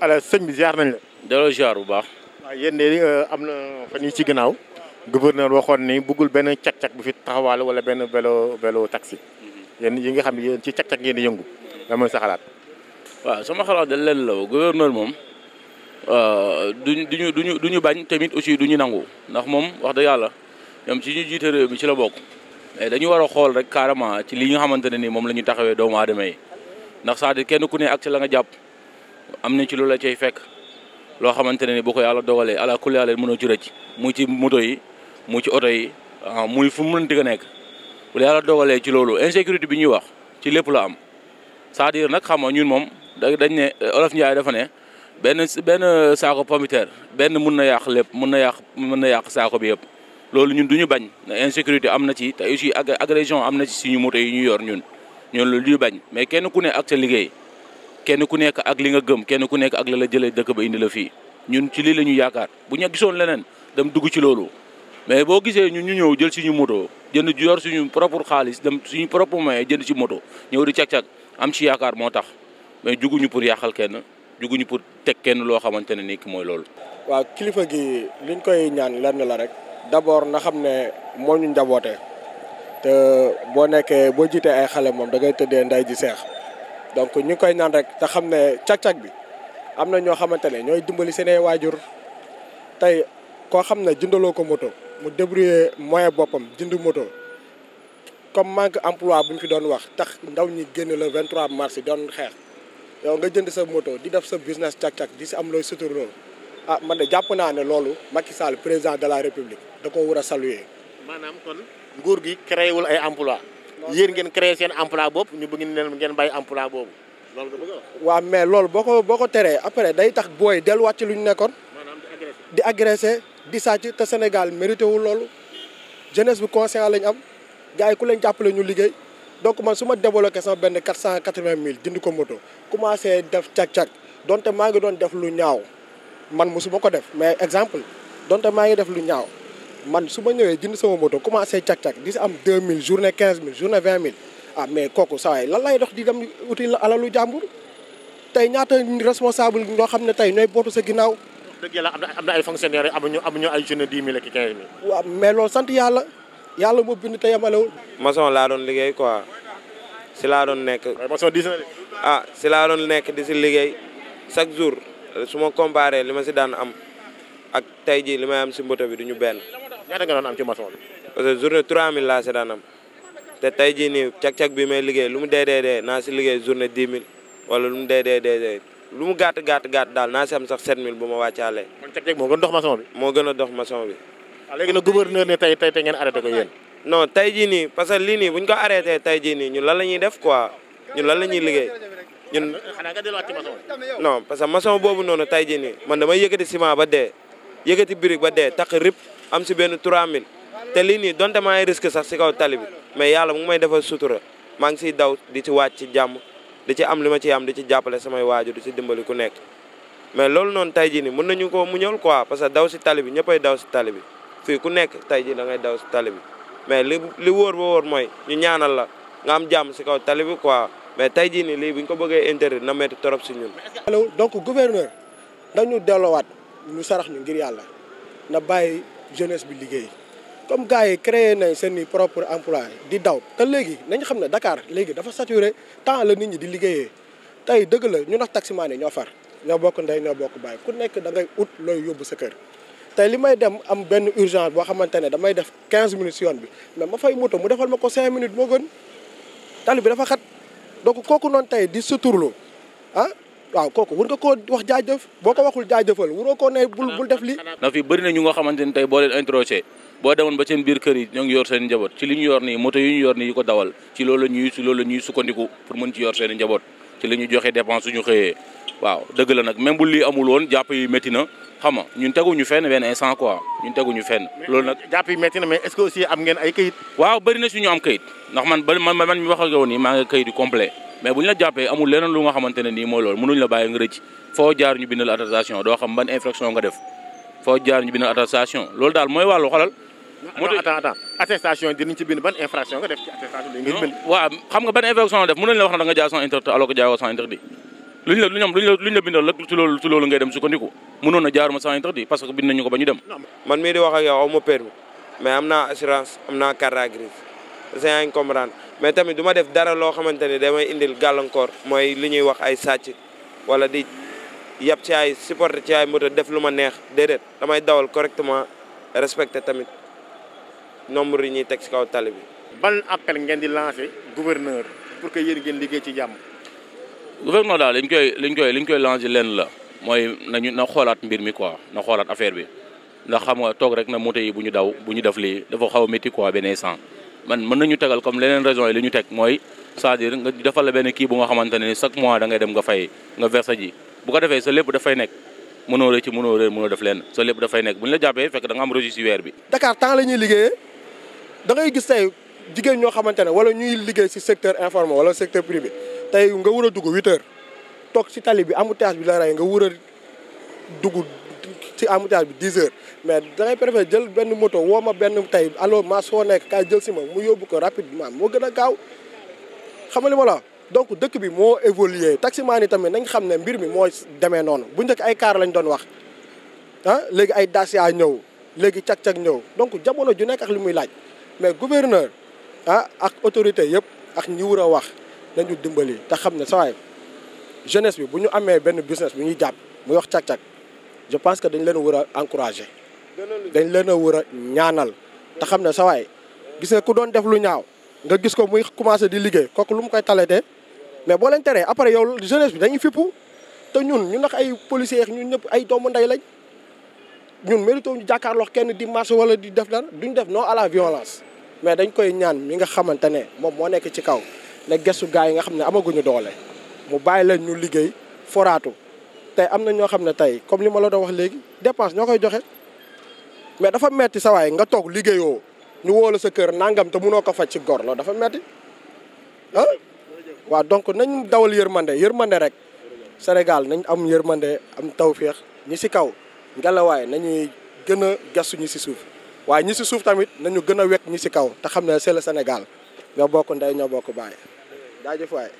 alors sëñ bi ziar nañ la. delloo ziar bu baax. waaw yéen de euh, am na fan ci ginnaaw gouverneur waxoon ni bëggul benn càq bu fi taxawaale wala benn vélo vélo taxi. Mhm. yéen yi nga xam ne yéen ci càq-càq di yëngu. lan mooy sama xalaat da leen la gouverneur moom euh, duñ duñu duñu duñu bañ tamit aussi du duñu nangu ndax moom wax dëgg yàlla ñoom ci ñu jiite réew mi ci la bokk. mais dañu war a xool rek carrément ci li nga xamante ne ni moom la ñu taxawee doomu aadama yi ndax cest à kenn ku ne ak ci la nga jàpp. am na ci loolu la cay fekk loo xamante ne ni bu ko yàlla dogalee ala kulli aale mën a jure ci mu ci moto yi mu ci oto yi ah, muy fu mu mën a nekk yàlla dogalee ci loolu insécurité bi ñuy wax ci lépp la am cest à nag xam nga ñun moom dañ ne Olof Njaay dafa ne benn benn saako pomiteer benn mun na yàq lépp mën na yàq mun na yàq saako bi yëpp loolu ñun du ñu bañ ne insécurité am na ci te aussi agression am na ci suñu moto yi ñu yor ñun ñun lu ñuy bañ mais kenn ku ne ak liggéey. kenn ku nekk ak li nga gëm kenn ku nekk ak la la jëlee dëkk ba indi la fii ñun ci lii la ñu yaakaar bu ñu gisoon leneen dem dugg ci loolu mais boo gisee ñun ñu ñëw jël suñu moto jënd yor suñu propre xaalis dem suñu propre moyen jënd ci moto ñëw di cag-cag am ci yaakaar moo tax mais juguñu pour yàqal kenn juguñu pour teg kenn loo xamante ne ni ki mooy loolu. waaw kilifa gi liñ koy ñaan lenn la rek d'abord na xam ne moo ñu njaboote te boo nekkee boo jiitee ay xale moom da ngay tëddee nday ji seex. donc ñu koy naan rek te xam ne cag-cag bi am na ñoo xamante ne ñooy dimbali seenee waajur tey koo xam ne jëndaloo ko moto mu débrouiller moyen boppam jënd moto comme manque emploi bu ñu fi doon wax tax ndaw ñi génn le 23 mars doon xeex yow nga jënd sa moto di def sa business cag-cag di si am looy suturloo ah man de jàpp naa ne loolu Macky Sall président de la république da ko war a saluer maanaam kon nguur gi créé wul ay emploi yéen ngeen créé seen emploi boobu ñu bëgg ne ngeen bàyyi emploi boobu loolu nga bëgg wax. waaw mais loolu boo ko ko teree après day tax booy delluwaat ci lu ñu nekkoon. di agressé di sàcc te Sénégal mérité wul loolu jeunesse bi conscient lañ am gars ku leen jàppale ñu liggéey donc man su ma débloqué sama benn quatre cent quatre vingt mille dindi ko moto commencé def cag-cag donte maa ngi doon def lu ñaaw man mosuma ko def mais exemple donte maa ngi def lu ñaaw. man su ma ñëwee jënd sama moto commencé càq-càq di si am 2000 journée 15000 journée 20000 ah mais kooku saa waay lan lay dox di dem uti la alalu jàmbur tey ñaata responsable ñoo xam ne tey ñooy bootu sa ginnaaw. dëgg yàlla am na ay fonctionnaires yi amuñu amuñu ay journée 10 mais loolu sant yàlla yàlla moo bind te yemalewul. maçon laa doon liggéey quoi si laa doon nekk. waaye maçon diis na de. si laa doon nekk di si liggéey chaque jour su ma comparé li ma si daan am ak tey jii li may am si mboto bi du ñu benn. ñaata nga doon am ci maçon parce que journée 3000 laa si daan am te tey jii nii cag-cag bi may liggéey lu mu dee dee dee naa si liggéey journée 10 000 wala lu mu dee dee dee lu mu gaat gaat gaat daal naa si am sax 7000 bu ma wàccaalee. kon cag-cag moo gën dox maçon bi. moo gën a dox maçon bi. waaw ah, léegi nag gouverneur ne non tey jii parce que lii nii bu ñu ko arrêté tey jii nii ñun lan la ñuy def quoi ñun lan la ñuy liggéey ñu xanaa nga delluwaat que maçon boobu noonu tey jii nii man damay yëkkati ciment ba dee yëkkati brique ba dee tax rip am si benn 3000 te lii nii donte maa ngi risque sax si kaw tali bi mais yàlla mu may defal sutura maa ngi siy daw di ci wàcc ci jàmm di ci am li ma ci am di ci jàppale samay waajur di ci dimbali ku nekk mais loolu noonu tey jii nii mën nañu mu muñal quoi parce que daw si tali bi ñëppay daw si tali bi fii ku nekk tey jii da ngay daw si tali bi mais li li wóor ba wóor mooy ñu ñaanal la nga am jàmm si kaw tali bi quoi mais tey jii nii lii bu ñu ko bëggee interdit na metti trop si ñun. donc gouverneur dañu delloowaat ñu sarax ñu ngir yàlla na bàyyi. jeunesse bi liggéey comme gars yi créé nañ seen i propre emploi di daw te léegi nañ xam ne dakaar léegi dafa saturé temps la nit ñi di liggéeyee tey dëgg la ñu nax taximaan yi ñoo far ñoo bokk ndey ñoo bokk bàyyi ku nekk da ngay ut looy yóbbu sa kër tey li may dem am benn urgence boo xamante ne damay def 15 minutes yoon bi mais ma fay moto mu defal ma ko 5 minutes moo gën tali bi dafa xat donc kooku noonu tey di suturloo ah waaw kooku war nga koo wax jaajëf boo ko waxul jaajëfal waroo koo ne bul bul def li ndax fii bëri ñu nga xamante ni tey boo leen interrogé boo demoon ba seen biir kër yi ñoo ngi yor seen njaboot ci li ñu yor nii moto yu ñu yor nii yi ko dawal ci loolu la ñuy ci loolu ñuy sukkandiku pour mën ci yor seen njaboot ci la ñuy joxe dépense suñu xëyee waaw dëgg la nag même bu li amul woon jàpp yi métti na ñu nga ñun teguñu fenn benn instant quoi ñun teguñu fenn. loolu nag jàpp yi métti na mais est-ce que aussi am ngeen ay kayit. waaw bëri si ñu am kayit ndax man ba man man mi wax ak yow nii maa ngi kayit yu complet mais bu ñu la jàppee amul leneen lu nga xamante ne nii mooy loolu mënuñ la bàyyi nga rëcc foo jaar ñu bindal attestation doo xam ban infraction nga def foo jaar ñu bindal attestation loolu daal mooy wàllu xolal. moo tax attends attends attestation dinañ ci bind ban infraction lu la luñ la luñ la bindal rek ci loolu ci loolu ngay dem sukkandiku mënoon na jaaruma sans interdit parce que bind nañu ko ba ñu dem. man mii di wax aw ma mais am naa assurance am naa kar grise c'est yaa ngi mais tamit du def dara loo xamante ni damay indil gàllankoor mooy li ñuy wax ay sàcc wala di yab ci ay supporter ci ay moto def lu ma neex déedéet damay dawal correctement respecte tamit nombre yi ñuy teg ci kaw tali bi. ban appel ngeen di lancé gouverneur pour que yéen ngeen liggéey ci jàmm. gouvernement daal liñ koy liñ na xoolaat na xoolaat affaire bi ndax bu ñu daw bu ñu a métti quoi benn instant man mën nañu tegal comme leneen raison ne chaque mois da ngay dem nga fay nga verser sa lépp dafay nekk mënoo rëcc mënoo réer mënoo def lenn sa lépp dafay nekk bu ñu gis tey jigéen ñoo xamante ne ñuy liggéey si secteur informel wala secteur privé tey nga war a dugg huit toog si tali bi embouteillage bi la rey nga war a dugg ci embouteillage bi dix heures mais dangay préféré jël benn moto woo ma benn tey alors maa soo nekk kaay jël si ma mu yóbbu ko rapidement moo gën a gaaw xam nga li ma la donc dëkk bi moo évolué taximaan yi tamit nañ xam ne mbir mi mooy demee noonu bu njëkk ay kaar lañ doon wax ah léegi ay Dacia ñëw léegi cag-cag ñëw donc jamono ju nekk ak li muy laaj mais gouverneur ah ak autorité yëpp ak ñi war a wax nañu dimbali te xam ne saa waay jeunesse bi bu ñu amee benn business bu ñuy jàpp muy wax càq-càq je pense que dañ leen a war a encouragé. dañ leen a war a ñaanal te xam ne saa waay gis nga ku doon def lu ñaaw nga gis ko muy commencé di liggéey kooku lu mu koy talatee mais boo leen teree après yow jeunesse bi dañuy fippu te ñun ñu ndax ay policiers ñu ñëpp ay doomu ndey lañ ñun mérito ñu jàkkaarloo kenn di marché wala di def dara duñ def non à la violence mais dañ koy ñaan mi nga xamante ne moom moo nekk ci kaw. la gestu gars yi nga xam ne amaguñu doole mu bàyyi leen ñu liggéey foraatu tey am na ñoo xam ne tey comme li ma la doo wax léegi dépense ñoo koy joxe mais dafa metti sa waaye nga toog liggéeyoo ñu woo sa kër nangam te munoo ko faj ci gor la dafa metti ah. waaw donc nañ dawal yërmande yërmande rek Sénégal nañ am yërmande am tawféex ñi si kaw ngelawaay nañuy gën a gestu ñi si suuf waaye ñi si suuf tamit nañu gën a wekk ñi si kaw te xam ne c'est le Sénégal ñoo bokk ndey ñoo bokk baay. jaajëf waay